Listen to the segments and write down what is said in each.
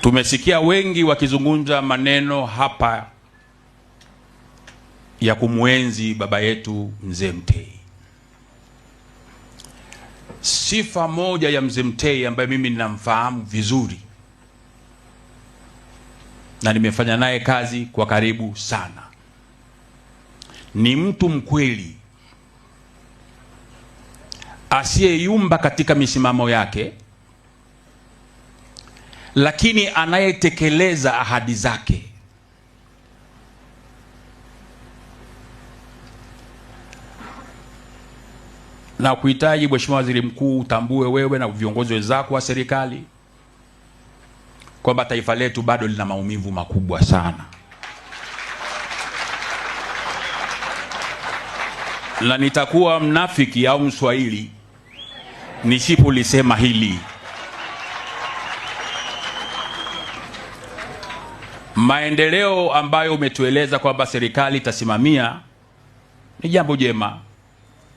Tumesikia wengi wakizungumza maneno hapa ya kumwenzi baba yetu Mzee Mtei. Sifa moja ya Mzee Mtei ambaye mimi ninamfahamu vizuri na nimefanya naye kazi kwa karibu sana, ni mtu mkweli asiyeyumba katika misimamo yake lakini anayetekeleza ahadi zake. Na kuhitaji Mheshimiwa Waziri Mkuu, utambue wewe na viongozi wenzako wa serikali kwamba taifa letu bado lina maumivu makubwa sana, na nitakuwa mnafiki au mswahili nisipolisema hili. maendeleo ambayo umetueleza kwamba serikali itasimamia ni jambo jema,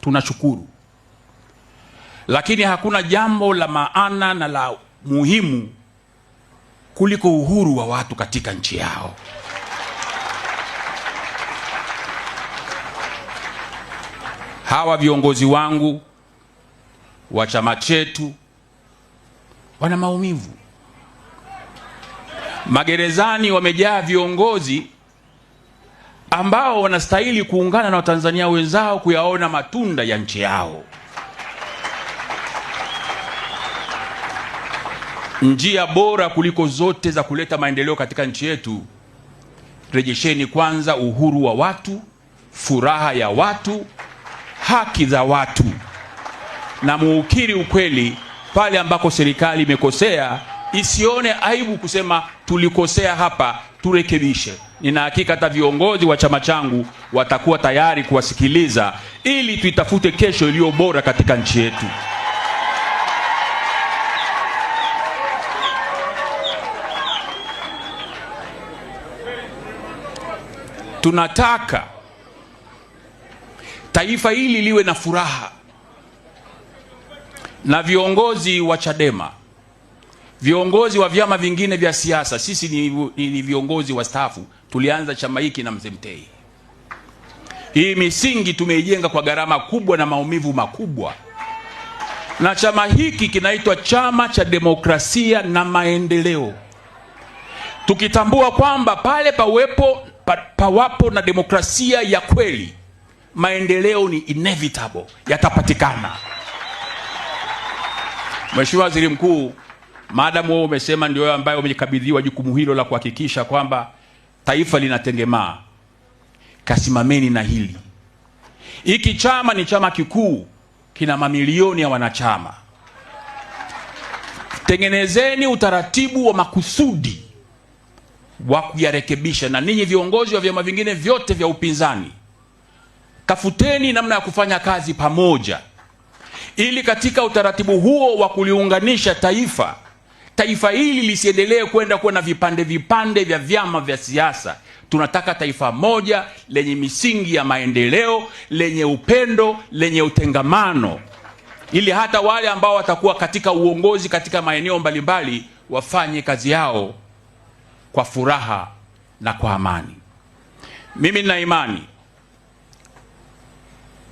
tunashukuru, lakini hakuna jambo la maana na la muhimu kuliko uhuru wa watu katika nchi yao. Hawa viongozi wangu wa chama chetu wana maumivu Magerezani wamejaa viongozi ambao wanastahili kuungana na Watanzania wenzao kuyaona matunda ya nchi yao. Njia bora kuliko zote za kuleta maendeleo katika nchi yetu, rejesheni kwanza uhuru wa watu, furaha ya watu, haki za watu, na muukiri ukweli pale ambako serikali imekosea isione aibu kusema tulikosea hapa, turekebishe. Nina hakika hata viongozi wa chama changu watakuwa tayari kuwasikiliza ili tuitafute kesho iliyo bora katika nchi yetu. Tunataka taifa hili liwe na furaha, na viongozi wa Chadema Viongozi wa vyama vingine vya siasa, sisi ni, ni viongozi wastaafu, tulianza chama hiki na mzee Mtei. Hii misingi tumeijenga kwa gharama kubwa na maumivu makubwa, na chama hiki kinaitwa Chama cha Demokrasia na Maendeleo, tukitambua kwamba pale pawepo pa, pawapo na demokrasia ya kweli, maendeleo ni inevitable, yatapatikana. Mheshimiwa Waziri Mkuu, maadamu wewe umesema ndio wewe ambaye umekabidhiwa jukumu hilo la kuhakikisha kwamba taifa linatengemaa, kasimameni na hili. Hiki chama ni chama kikuu, kina mamilioni ya wanachama. Tengenezeni utaratibu wa makusudi wa kuyarekebisha, na ninyi viongozi wa vyama vingine vyote vya upinzani, tafuteni namna ya kufanya kazi pamoja, ili katika utaratibu huo wa kuliunganisha taifa taifa hili lisiendelee kwenda kuwa na vipande vipande vya vyama vya siasa. Tunataka taifa moja lenye misingi ya maendeleo, lenye upendo, lenye utengamano, ili hata wale ambao watakuwa katika uongozi katika maeneo mbalimbali wafanye kazi yao kwa furaha na kwa amani. Mimi nina imani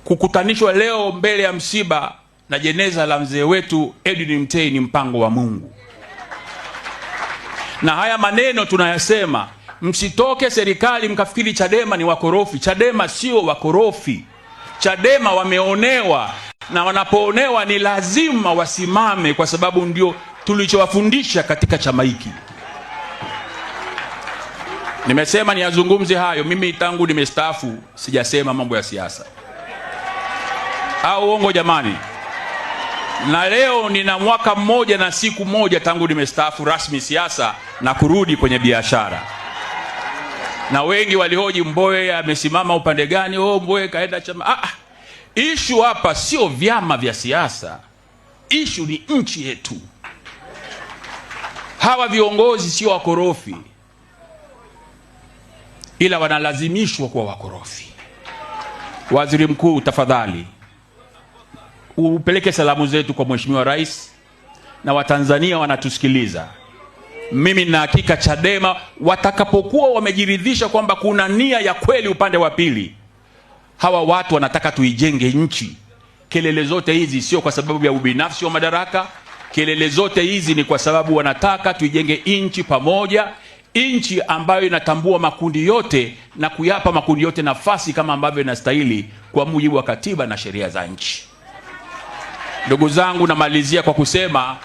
kukutanishwa leo mbele ya msiba na jeneza la mzee wetu Edwin Mtei ni mpango wa Mungu na haya maneno tunayasema, msitoke serikali mkafikiri Chadema ni wakorofi. Chadema sio wakorofi, Chadema wameonewa, na wanapoonewa ni lazima wasimame, kwa sababu ndio tulichowafundisha katika chama hiki. Nimesema niyazungumze hayo. Mimi tangu nimestaafu sijasema mambo ya siasa, au uongo jamani? na leo nina mwaka mmoja na siku moja tangu nimestaafu rasmi siasa na kurudi kwenye biashara. Na wengi walihoji mboe amesimama upande gani? Oh, mboe kaenda chama. Ah, ah, ishu hapa sio vyama vya siasa, ishu ni nchi yetu. Hawa viongozi sio wakorofi, ila wanalazimishwa kuwa wakorofi. Waziri Mkuu, tafadhali upeleke salamu zetu kwa Mheshimiwa Rais na Watanzania wanatusikiliza. Mimi na hakika Chadema watakapokuwa wamejiridhisha kwamba kuna nia ya kweli upande wa pili, hawa watu wanataka tuijenge nchi. Kelele zote hizi sio kwa sababu ya ubinafsi wa madaraka. Kelele zote hizi ni kwa sababu wanataka tuijenge nchi pamoja, nchi ambayo inatambua makundi yote na kuyapa makundi yote nafasi kama ambavyo inastahili kwa mujibu wa katiba na sheria za nchi. Ndugu zangu, namalizia kwa kusema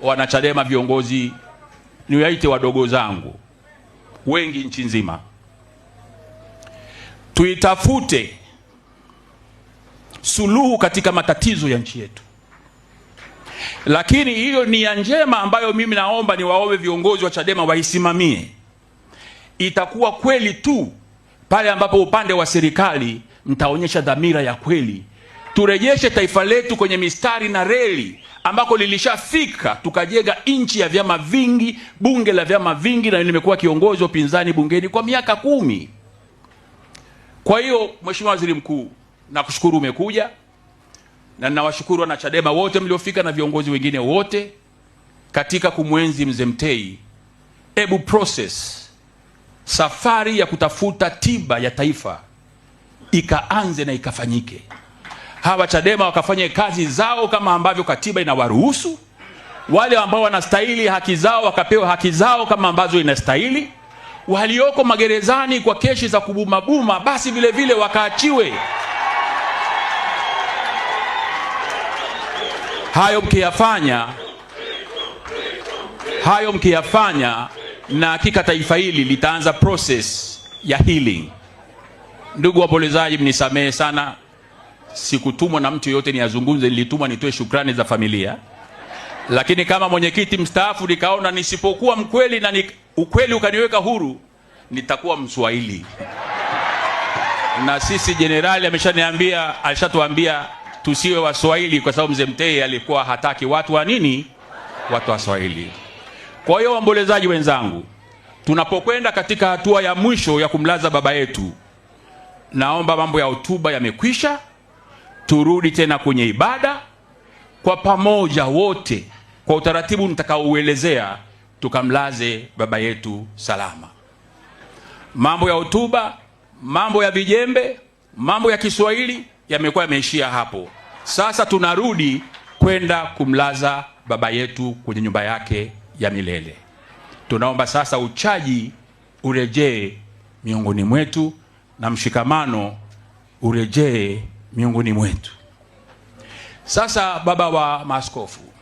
wanachadema, viongozi niwaite wadogo zangu wengi nchi nzima, tuitafute suluhu katika matatizo ya nchi yetu. Lakini hiyo nia njema ambayo mimi naomba niwaombe viongozi wa Chadema waisimamie itakuwa kweli tu pale ambapo upande wa serikali mtaonyesha dhamira ya kweli turejeshe taifa letu kwenye mistari na reli ambako lilishafika, tukajenga nchi ya vyama vingi, bunge la vyama vingi, na nimekuwa kiongozi wa upinzani bungeni kwa miaka kumi. Kwa hiyo Mheshimiwa Waziri Mkuu, nakushukuru umekuja, na ninawashukuru chadema wote mliofika na viongozi wengine wote katika kumwenzi mzee Mtei. Ebu process safari ya kutafuta tiba ya taifa ikaanze na ikafanyike hawa Chadema wakafanye kazi zao kama ambavyo katiba inawaruhusu, wale ambao wanastahili haki zao wakapewa haki zao kama ambazo inastahili, walioko magerezani kwa keshi za kubumabuma basi vile vile wakaachiwe. Hayo mkiyafanya, hayo mkiyafanya, na hakika taifa hili litaanza process ya healing. Ndugu wapolezaji, mnisamehe sana sikutumwa na mtu yoyote niazungumze nilitumwa nitoe shukrani za familia, lakini kama mwenyekiti mstaafu nikaona nisipokuwa mkweli na ni, ukweli ukaniweka huru nitakuwa Mswahili na sisi jenerali ameshaniambia alishatuambia tusiwe Waswahili kwa sababu mzee Mtei alikuwa hataki watu wa nini, watu Swahili. Kwa hiyo waombolezaji wenzangu, tunapokwenda katika hatua ya mwisho ya kumlaza baba yetu, naomba mambo ya hotuba yamekwisha turudi tena kwenye ibada kwa pamoja wote, kwa utaratibu nitakaouelezea, tukamlaze baba yetu salama. Mambo ya hotuba, mambo ya vijembe, mambo ya Kiswahili yamekuwa yameishia hapo. Sasa tunarudi kwenda kumlaza baba yetu kwenye nyumba yake ya milele. Tunaomba sasa uchaji urejee miongoni mwetu na mshikamano urejee miongoni mwetu. Sasa baba wa maaskofu,